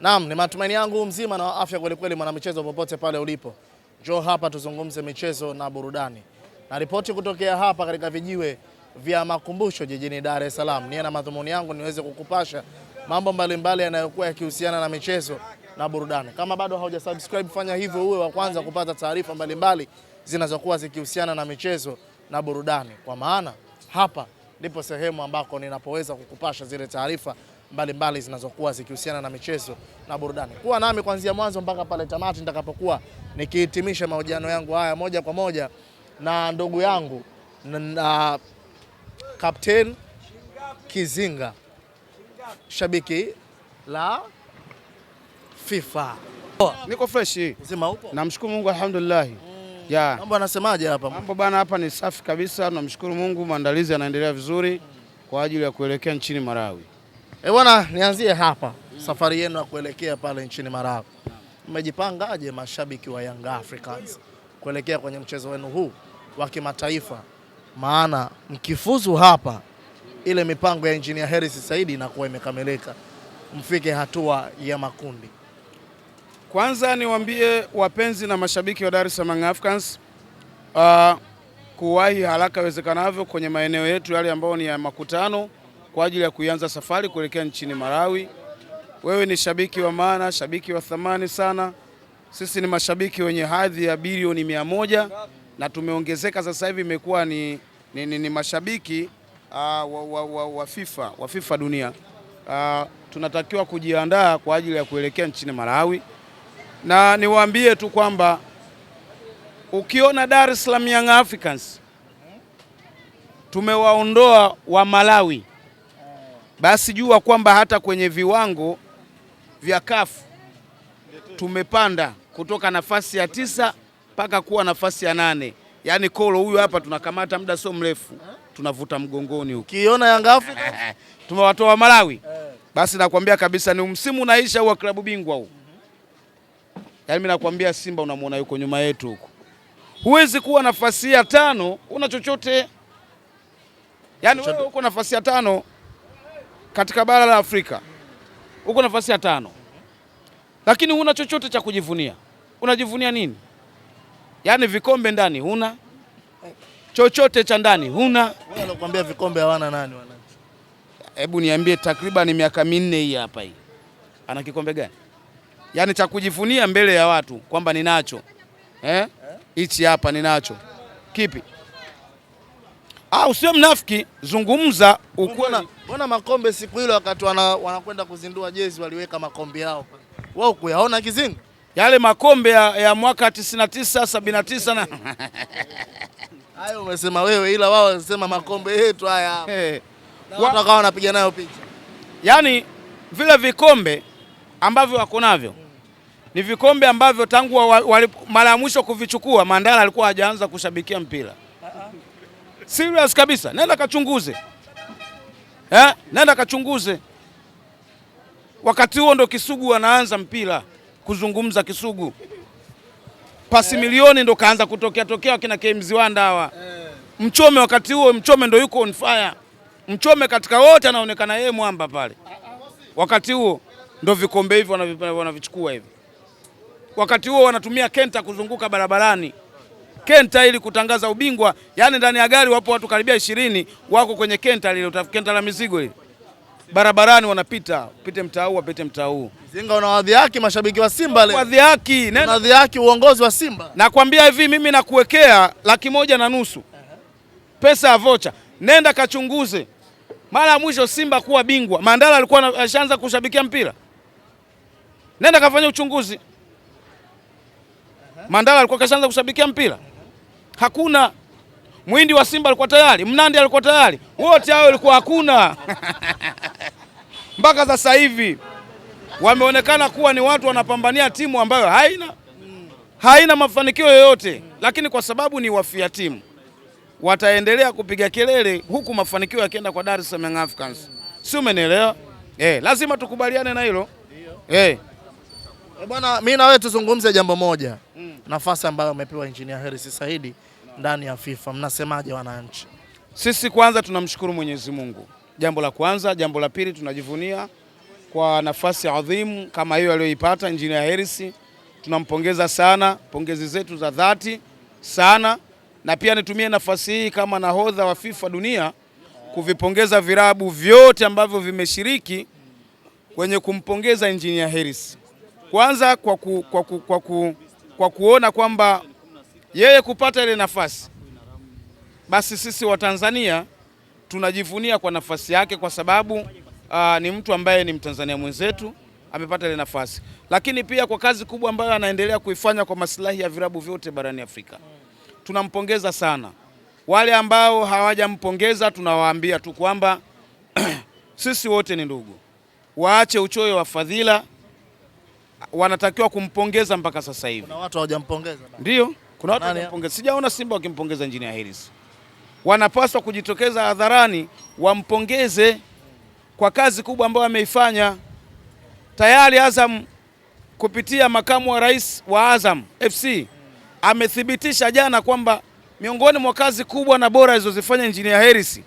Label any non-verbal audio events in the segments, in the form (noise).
Naam, ni matumaini yangu mzima na afya kwelikweli, mwanamichezo popote pale ulipo, njoo hapa tuzungumze michezo na burudani. Na ripoti kutokea hapa katika vijiwe vya makumbusho jijini Dar es Salaam, niye na madhumuni yangu niweze kukupasha mambo mbalimbali yanayokuwa yakihusiana na michezo na burudani. Kama bado hauja subscribe, fanya hivyo uwe wa kwanza kupata taarifa mbalimbali zinazokuwa zikihusiana na michezo na burudani, kwa maana hapa ndipo sehemu ambako ninapoweza kukupasha zile taarifa mbalimbali zinazokuwa zikihusiana na michezo na burudani. Kuwa nami kuanzia mwanzo mpaka pale tamati nitakapokuwa nikihitimisha mahojiano yangu haya moja kwa moja na ndugu yangu na Captain Kizinga, shabiki la FIFA. Niko fresh hii. Sema Namshukuru Mungu alhamdulillah. Mm. Ya. Mambo anasemaje hapa? Mambo bana hapa ni safi kabisa, namshukuru Mungu, maandalizi yanaendelea vizuri mm. kwa ajili ya kuelekea nchini Malawi. Eh, bwana nianzie hapa mm. Safari yenu ya kuelekea pale nchini Marawi, mmejipangaje, mashabiki wa Young Africans kuelekea kwenye mchezo wenu huu wa kimataifa? Maana mkifuzu hapa, ile mipango ya Engineer Hersi Said inakuwa imekamilika, mfike hatua ya makundi. Kwanza niwaambie wapenzi na mashabiki wa Dar es Salaam Africans uh, kuwahi haraka iwezekanavyo kwenye maeneo yetu yale ambayo ni ya makutano kwa ajili ya kuianza safari kuelekea nchini Malawi. Wewe ni shabiki wa maana, shabiki wa thamani sana. Sisi ni mashabiki wenye hadhi ya bilioni mia moja na tumeongezeka sasa hivi, imekuwa ni, ni, ni, ni mashabiki uh, wa, wa, wa, wa, FIFA, wa FIFA dunia uh, tunatakiwa kujiandaa kwa ajili ya kuelekea nchini Malawi, na niwaambie tu kwamba ukiona Dar es Salaam Young Africans tumewaondoa wa Malawi basi jua kwamba hata kwenye viwango vya kafu tumepanda kutoka nafasi ya tisa mpaka kuwa nafasi ya nane. Yaani kolo huyu hapa tunakamata muda sio mrefu, tunavuta mgongoni huko. Ukiona Yanga Afrika (laughs) tumewatoa Malawi, basi nakwambia kabisa ni msimu unaisha wa klabu bingwa huu. Yaani mimi nakwambia Simba unamwona yuko nyuma yetu huko, huwezi kuwa nafasi ya tano una chochote. Yaani wewe uko nafasi ya tano katika bara la Afrika uko nafasi ya tano, lakini huna chochote cha kujivunia. Unajivunia nini? Yaani vikombe ndani huna, chochote cha ndani huna. Wewe unakuambia vikombe hawana nani wana? Hebu niambie, takriban miaka minne hii hapa hii ana kikombe gani yaani cha kujivunia mbele ya watu kwamba ninacho eh? hichi eh? Hapa ninacho kipi? Ah, usiwe mnafiki, zungumza uko na Mbona makombe siku ile wakati wanakwenda kuzindua jezi waliweka makombe yao. Wao kuyaona kizingo? Yale makombe ya, ya mwaka 99 79 na (laughs) hayo umesema wewe, ila wao wanasema makombe yetu haya. Hey. Watu wakawa wanapiga nayo picha. Yaani vile vikombe ambavyo wako navyo hmm. ni vikombe ambavyo tangu wa, wa, mara ya mwisho kuvichukua Mandala alikuwa hajaanza kushabikia mpira serious kabisa, nenda kachunguze eh, nenda kachunguze. Wakati huo ndo Kisugu anaanza mpira kuzungumza Kisugu, pasi eh? milioni ndo kaanza kutokea tokea wakina KMZ Wanda hawa eh. Mchome, wakati huo Mchome ndo yuko on fire. Mchome katika wote anaonekana yeye mwamba pale, wakati huo ndo vikombe hivyo wanavichukua hivi, wakati huo wanatumia kenta kuzunguka barabarani. Kenta ili kutangaza ubingwa. Yaani ndani ya gari wapo watu karibia ishirini wako kwenye kenta lile, kenta la mizigo ile barabarani wanapita, pite mtaa huu, apite mtaa huu. una wadhi yake, mashabiki wa Simba leo. Wadhi haki, nenda. Wadhi yake, uongozi wa Simba. Nakwambia hivi mimi nakuwekea laki moja na nusu. Pesa ya vocha. Nenda kachunguze. Mara ya mwisho Simba kuwa bingwa, Mandala alikuwa anashaanza kushabikia mpira. Nenda kafanya uchunguzi. Mandala alikuwa kashaanza kushabikia mpira hakuna. Mwindi wa Simba alikuwa tayari, Mnandi alikuwa tayari, wote hao walikuwa hakuna (laughs) mpaka sasa hivi wameonekana kuwa ni watu wanapambania timu ambayo haina haina mafanikio yoyote, lakini kwa sababu ni wafia timu wataendelea kupiga kelele huku mafanikio yakienda kwa Dar es Salaam Africans, si umenielewa? Eh, lazima tukubaliane na hilo eh. eh. bwana, mimi na wewe tuzungumze jambo moja, mm. nafasi ambayo amepewa Engineer Hersi Saidi ndani ya FIFA. Mnasemaje wananchi? Sisi kwanza tunamshukuru Mwenyezi Mungu, jambo la kwanza. Jambo la pili, tunajivunia kwa nafasi adhimu kama hiyo aliyoipata Engineer Hersi. Tunampongeza sana, pongezi zetu za dhati sana, na pia nitumie nafasi hii kama nahodha wa FIFA dunia kuvipongeza virabu vyote ambavyo vimeshiriki kwenye kumpongeza Engineer Hersi kwanza kwa, ku, kwa, ku, kwa, ku, kwa kuona kwamba yeye kupata ile nafasi, basi sisi Watanzania tunajivunia kwa nafasi yake, kwa sababu aa, ah, ni mtu ambaye ni Mtanzania mwenzetu amepata ile nafasi, lakini pia kwa kazi kubwa ambayo anaendelea kuifanya kwa maslahi ya virabu vyote barani Afrika. Tunampongeza sana. Wale ambao hawajampongeza tunawaambia tu kwamba (clears throat) sisi wote ni ndugu, waache uchoyo wa fadhila. Wanatakiwa kumpongeza mpaka sasa hivi. Kuna watu hawajampongeza. Ndio. Kuna watu wanampongeza, sijaona Simba wakimpongeza Engineer Harris. Wanapaswa kujitokeza hadharani wampongeze kwa kazi kubwa ambayo ameifanya. Tayari Azam kupitia makamu wa rais wa Azam FC amethibitisha jana kwamba miongoni mwa kazi kubwa na bora alizozifanya Engineer Harris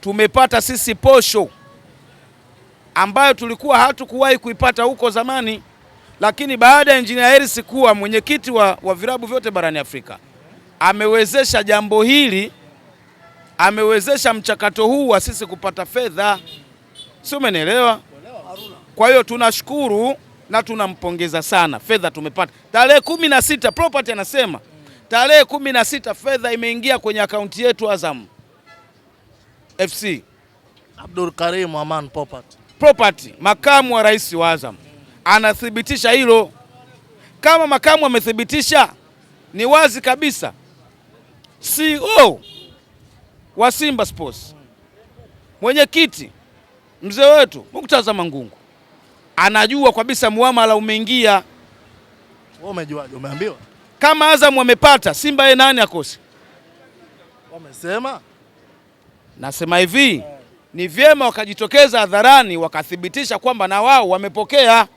tumepata sisi posho ambayo tulikuwa hatukuwahi kuipata huko zamani. Lakini baada ya Injinia Hersi kuwa mwenyekiti wa, wa virabu vyote barani Afrika, amewezesha jambo hili, amewezesha mchakato huu wa sisi kupata fedha, si umenielewa? Kwa hiyo tunashukuru na tunampongeza sana. Fedha tumepata tarehe kumi na sita property anasema tarehe kumi na sita fedha imeingia kwenye akaunti yetu Azam FC. Abdul Karim Aman Property, Property, makamu wa rais wa Azam anathibitisha hilo. Kama makamu amethibitisha, ni wazi kabisa CEO wa Simba Sports, mwenyekiti mzee wetu Muktaza Mangungu anajua kabisa muamala umeingia. Wewe umejuaje? Umeambiwa kama Azam amepata Simba, yeye nani akose? Wamesema, nasema hivi ni vyema wakajitokeza hadharani wakathibitisha kwamba na wao wamepokea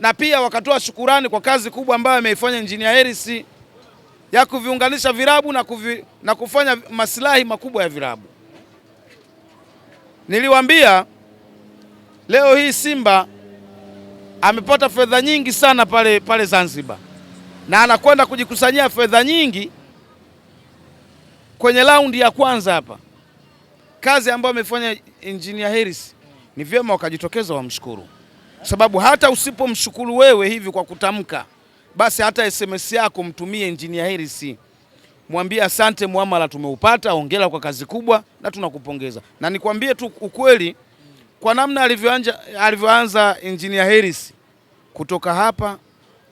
na pia wakatoa shukurani kwa kazi kubwa ambayo ameifanya Engineer Harris ya kuviunganisha virabu na, kuvi, na kufanya maslahi makubwa ya virabu niliwambia leo hii Simba amepata fedha nyingi sana pale, pale Zanzibar na anakwenda kujikusanyia fedha nyingi kwenye raundi ya kwanza hapa. Kazi ambayo amefanya Engineer Harris ni vyema wakajitokeza wamshukuru sababu hata usipomshukuru wewe hivi kwa kutamka, basi hata SMS yako mtumie Engineer Hersi, mwambie asante, muamala tumeupata, ongera kwa kazi kubwa na tunakupongeza. Na nikwambie tu ukweli, kwa namna alivyoanza Engineer Hersi kutoka hapa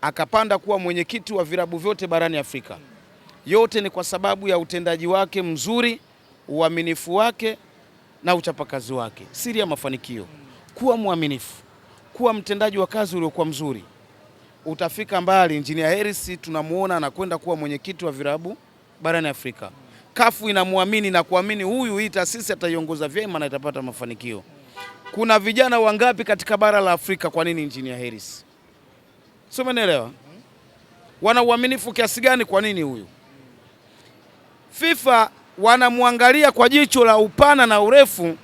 akapanda kuwa mwenyekiti wa virabu vyote barani Afrika, yote ni kwa sababu ya utendaji wake mzuri, uaminifu wake na uchapakazi wake. Siri ya mafanikio kuwa mwaminifu kuwa mtendaji wa kazi uliokuwa mzuri utafika mbali. Engineer Hersi tunamuona anakwenda kuwa mwenyekiti wa virabu barani Afrika. Kafu inamwamini na kuamini huyu, hii taasisi ataiongoza vyema na itapata mafanikio. Kuna vijana wangapi katika bara la Afrika? Kwa nini Engineer Hersi? Sio, umeelewa? Wana uaminifu kiasi gani? Kwa nini huyu? FIFA wanamwangalia kwa jicho la upana na urefu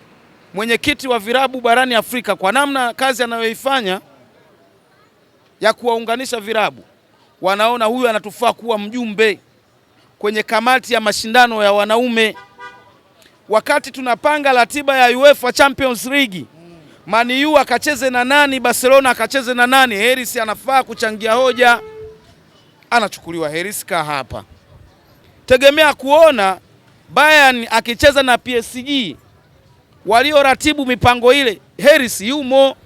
mwenyekiti wa virabu barani Afrika kwa namna kazi anayoifanya ya kuwaunganisha virabu, wanaona huyu anatufaa kuwa mjumbe kwenye kamati ya mashindano ya wanaume. Wakati tunapanga ratiba ya UEFA Champions League, Maniu akacheze na nani, Barcelona akacheze na nani, Heris anafaa kuchangia hoja, anachukuliwa Heris ka hapa. Tegemea kuona Bayern akicheza na PSG walioratibu mipango ile Heris yumo.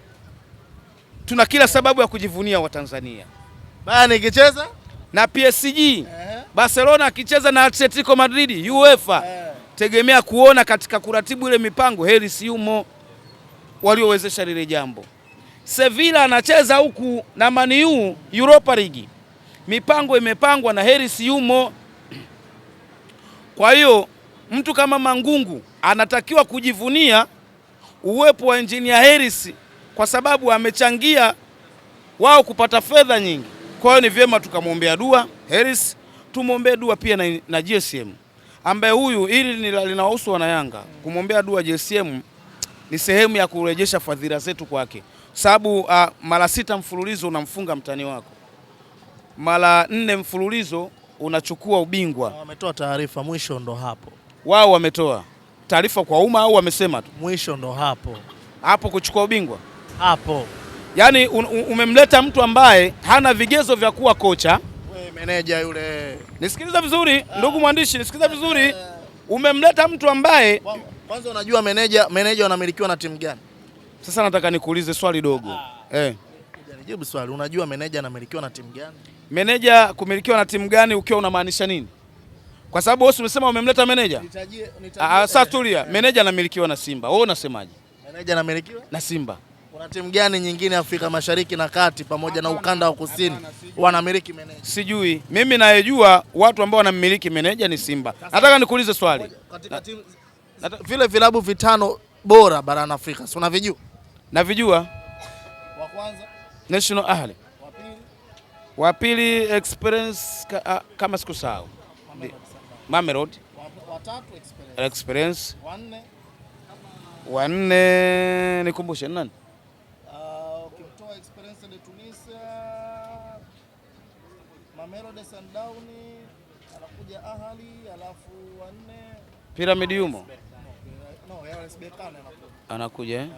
Tuna kila sababu ya kujivunia Watanzania. Bayern ikicheza na PSG, eh, Barcelona akicheza na Atletico Madrid, UEFA, eh, tegemea kuona katika kuratibu ile mipango Heris yumo, waliowezesha lile jambo. Sevilla anacheza huku na Maniu Europa League, mipango imepangwa na Heris yumo. Kwa hiyo mtu kama Mangungu anatakiwa kujivunia uwepo wa engineer Harris kwa sababu amechangia wao kupata fedha nyingi. Kwa hiyo ni vyema tukamwombea dua Harris, tumwombee dua pia na, na GSM ambaye huyu, hili wana wanayanga. Kumwombea dua GSM ni sehemu ya kurejesha fadhila zetu kwake, sababu uh, mara sita mfululizo unamfunga mtani wako, mara nne mfululizo unachukua ubingwa. Wametoa taarifa mwisho, ndo hapo wao wametoa taarifa kwa umma au wamesema tu? Mwisho ndo hapo hapo, kuchukua ubingwa hapo. Yaani umemleta mtu ambaye hana vigezo vya kuwa kocha. Wewe meneja yule, nisikiliza vizuri ah. ndugu mwandishi, nisikiliza eh. vizuri. Umemleta mtu ambaye kwanza unajua meneja meneja anamilikiwa na timu gani? Sasa nataka nikuulize swali dogo ah. eh. Jibu swali. Unajua meneja anamilikiwa na timu gani? Meneja kumilikiwa na timu gani ukiwa unamaanisha nini? kwa sababu wewe umesema umemleta meneja. Ah, ah, sasa tulia, meneja anamilikiwa na Simba. Wewe unasemaje? Meneja anamilikiwa na Simba. Kuna timu gani nyingine Afrika Mashariki na Kati pamoja na ukanda wa kusini wanamiliki meneja? Sijui mimi, nayejua watu ambao wanamiliki meneja ni Simba. Nataka nikuulize swali, katika timu vile vilabu vitano bora barani Afrika si unavijua? Navijua. Wa kwanza National Ahli, wa pili wa pili Experience, ah, kama sikusahau Mame Road. watatu experience, Experience. wanne wanne, nikumbushe nani? Uh, ukimtoa experience de Tunisia, Mame Mamelodi Sundowns, anakuja Ahali, alafu wanne Pyramid yumo No, anakuja eh?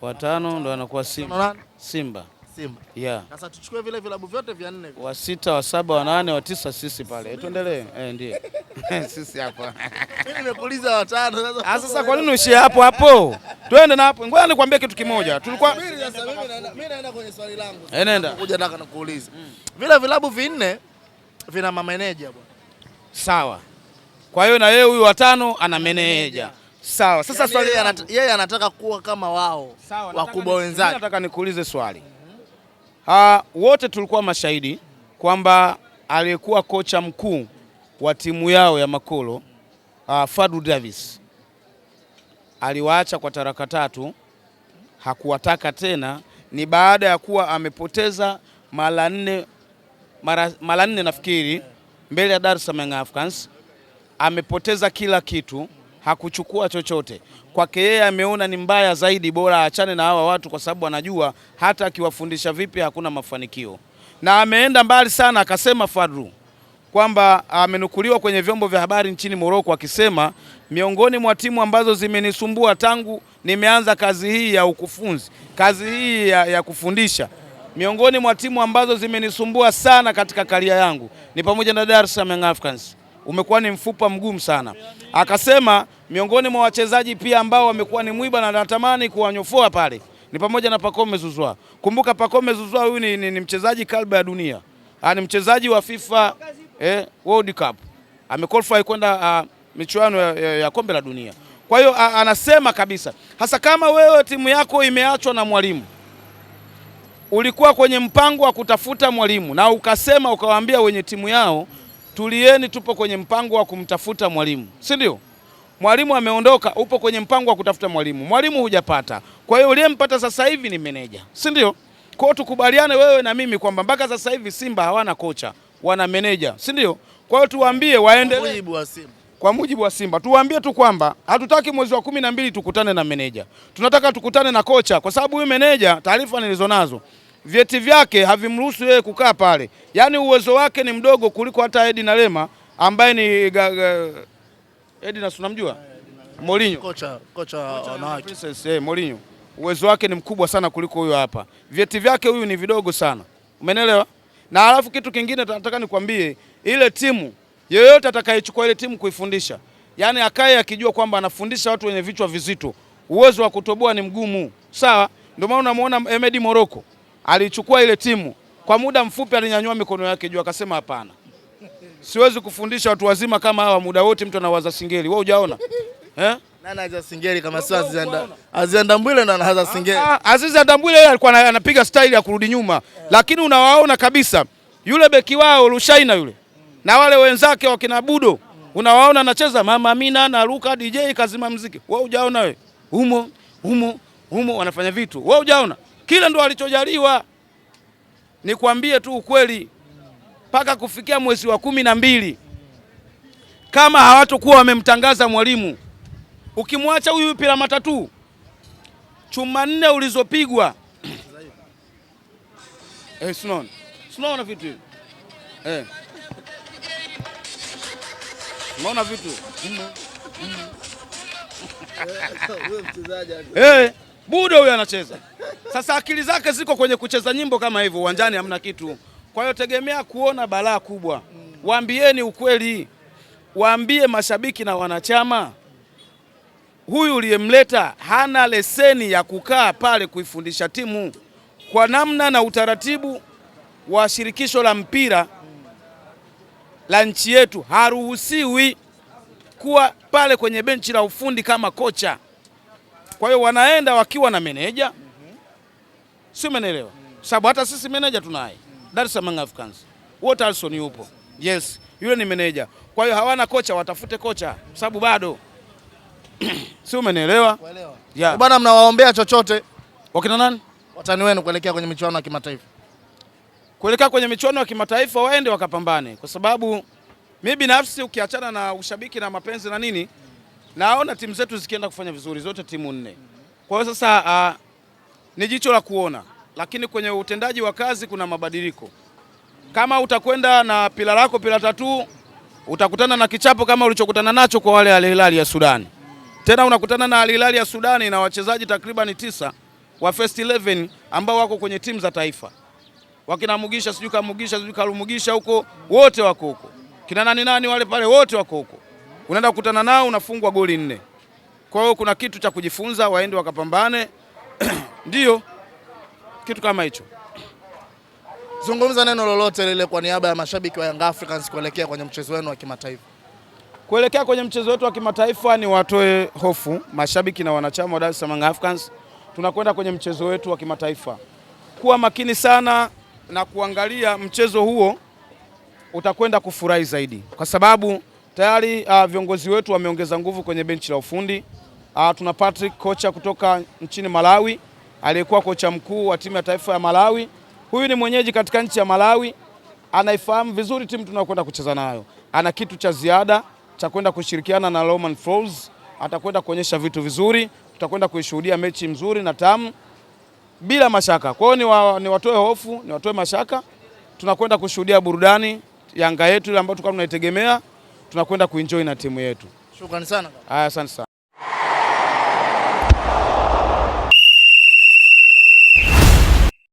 watano, ndo anakuwa Simba Simba. Simba. Yeah. Sasa tuchukue vile vilabu vyote vya nne. Wa sita, wa saba, wa nane, wa tisa sisi pale. Eh, tuendelee. Eh, ndio. (laughs) Sisi hapa. Mimi nimekuuliza watano sasa. Ah, sasa kwa nini ushie hapo hapo? Twende na hapo. Ngoja nikwambie kitu kimoja. Tulikuwa Mimi sasa mimi naenda mimi naenda kwenye swali langu. Eh, nenda. Kuja nataka nikuulize. Mm. Vile vilabu vinne vina mameneja bwana. Sawa. Kwa hiyo na yeye huyu wa tano ana meneja. Sawa. Sasa yani swali yeye anataka kuwa kama wao wakubwa wenzake. Nataka nikuulize swali Uh, wote tulikuwa mashahidi kwamba aliyekuwa kocha mkuu wa timu yao ya Makolo uh, ah, Fadu Davis aliwaacha kwa taraka tatu, hakuwataka tena. Ni baada ya kuwa amepoteza mara nne mara nne nafikiri mbele ya Dar es Salaam Africans, amepoteza kila kitu hakuchukua chochote kwake yeye, ameona ni mbaya zaidi, bora aachane na hawa watu, kwa sababu anajua hata akiwafundisha vipi hakuna mafanikio. Na ameenda mbali sana, akasema Fadru kwamba amenukuliwa kwenye vyombo vya habari nchini Moroko akisema, miongoni mwa timu ambazo zimenisumbua tangu nimeanza kazi hii ya ukufunzi, kazi hii ya, ya kufundisha, miongoni mwa timu ambazo zimenisumbua sana katika kalia yangu ni pamoja na Dar es Salaam Young Africans umekuwa ni mfupa mgumu sana. Akasema miongoni mwa wachezaji pia ambao wamekuwa ni mwiba na natamani kuwanyofoa pale ni pamoja na Pacome Zuzwa. Kumbuka Pacome Zuzwa huyu ni, ni, ni mchezaji kalba ya dunia, ah, ni mchezaji wa FIFA eh, World Cup amequalify kwenda uh, michuano ya, ya, ya kombe la dunia. Kwa hiyo ah, anasema kabisa, hasa kama wewe timu yako imeachwa na mwalimu, ulikuwa kwenye mpango wa kutafuta mwalimu na ukasema ukawaambia wenye timu yao tulieni, tupo kwenye mpango wa kumtafuta mwalimu, si ndio? Mwalimu ameondoka, upo kwenye mpango wa kutafuta mwalimu, mwalimu hujapata. Kwa hiyo uliyempata sasa hivi ni meneja, si ndio? Kwa hiyo tukubaliane wewe na mimi kwamba mpaka sasa hivi Simba hawana kocha, wana meneja, si ndio? Kwa hiyo tuwaambie waendelee kwa mujibu wa Simba tuwaambie tu kwamba hatutaki mwezi wa kumi na mbili tukutane na meneja, tunataka tukutane na kocha, kwa sababu huyu meneja, taarifa nilizonazo vyeti vyake havimruhusu yeye kukaa pale, yaani uwezo wake ni mdogo kuliko hata na Lema ambaye ni na sunamjua Mourinho, kocha kocha wanawake eh, Mourinho uwezo wake ni mkubwa sana kuliko huyo hapa. Vyeti vyake huyu ni vidogo sana, umenelewa? Na alafu kitu kingine nataka nikwambie, ile timu yeyote atakayechukua ile timu kuifundisha, yaani akaye akijua kwamba anafundisha watu wenye vichwa vizito, uwezo wa kutoboa ni mgumu, sawa? Ndio maana unamuona Emedi Moroko alichukua ile timu kwa muda mfupi, alinyanyua mikono yake juu akasema, hapana, siwezi kufundisha watu wazima kama hawa. Muda wote mtu anawaza singeli. Wewe hujaona eh? eh? Nani anaza Singeli kama sio azianda Ndambwile na anaza Singeli? Ah, ah, Aziza Ndambwile yeye alikuwa anapiga style ya kurudi nyuma yeah. Lakini unawaona kabisa yule beki wao Rushaina yule na wale wenzake wakina Budo unawaona anacheza Mama Amina na Luka DJ kazima mziki. Wewe hujaona wewe? Humo humo humo wanafanya vitu. Wewe hujaona? kila ndo alichojaliwa. Nikwambie tu ukweli, mpaka kufikia mwezi wa kumi na mbili kama hawatokuwa wamemtangaza mwalimu, ukimwacha huyu pila matatu chuma nne ulizopigwa (clears throat) eh, sinaona sinaona vitu hivi eh, unaona vitu (laughs) eh Budo huyo anacheza. Sasa akili zake ziko kwenye kucheza nyimbo kama hivyo, uwanjani hamna kitu. Kwa hiyo tegemea kuona balaa kubwa. Waambieni ukweli, waambie mashabiki na wanachama, huyu uliyemleta hana leseni ya kukaa pale kuifundisha timu kwa namna na utaratibu wa shirikisho la mpira la nchi yetu, haruhusiwi kuwa pale kwenye benchi la ufundi kama kocha. Kwa hiyo wanaenda wakiwa na meneja, si umeelewa? Sababu hata sisi meneja tunaye Dar es Salaam Africans, wote Alson yupo, yes, yule ni meneja. Kwa hiyo hawana kocha, watafute kocha sababu bado (clears throat) si umenielewa? Yeah. Bwana, mnawaombea chochote wakina nani watani wenu kuelekea kwenye michuano ya kimataifa? Kuelekea kwenye michuano ya kimataifa waende wakapambane, kwa sababu mi binafsi ukiachana na ushabiki na mapenzi na nini naona timu zetu zikienda kufanya vizuri zote timu nne. Kwa hiyo sasa uh, ni jicho la kuona, lakini kwenye utendaji wa kazi kuna mabadiliko. Kama utakwenda na pila lako pila tatu, utakutana na kichapo kama ulichokutana nacho kwa wale Al Hilal ya Sudani. Tena unakutana na Al Hilal ya Sudani na wachezaji takriban tisa wa first 11 ambao wako kwenye timu za taifa, wakina Mugisha sijui Kamugisha sijui Kalumugisha huko, wote wako huko, kina nani nani wale pale, wote wako huko unaenda kukutana nao unafungwa goli nne. Kwa hiyo kuna kitu cha kujifunza, waende wakapambane (clears throat) ndiyo kitu kama hicho. Zungumza neno lolote lile kwa niaba ya mashabiki wa Young Africans kuelekea kwenye mchezo wenu wa kimataifa. Kuelekea kwenye mchezo wetu wa kimataifa, ni watoe hofu mashabiki na wanachama wa Dar es Salaam Africans. Tunakwenda kwenye mchezo wetu wa kimataifa, kuwa makini sana na kuangalia mchezo huo, utakwenda kufurahi zaidi kwa sababu Tayari uh, viongozi wetu wameongeza nguvu kwenye benchi la ufundi. Uh, tuna Patrick kocha kutoka nchini Malawi aliyekuwa kocha mkuu wa timu ya taifa ya Malawi. Huyu ni mwenyeji katika nchi ya Malawi, anaifahamu vizuri timu tunayokwenda kucheza nayo. Ana kitu cha ziada cha kwenda kushirikiana na Roman Falls, atakwenda kuonyesha vitu vizuri, tutakwenda kuishuhudia mechi mzuri na tamu bila mashaka. Kwa hiyo ni, wa, ni watoe hofu, ni watoe mashaka, tunakwenda kushuhudia burudani Yanga yetu ile ambayo tulikuwa tunaitegemea tunakwenda kuenjoy na timu yetu. Shukrani sana. Asante sana.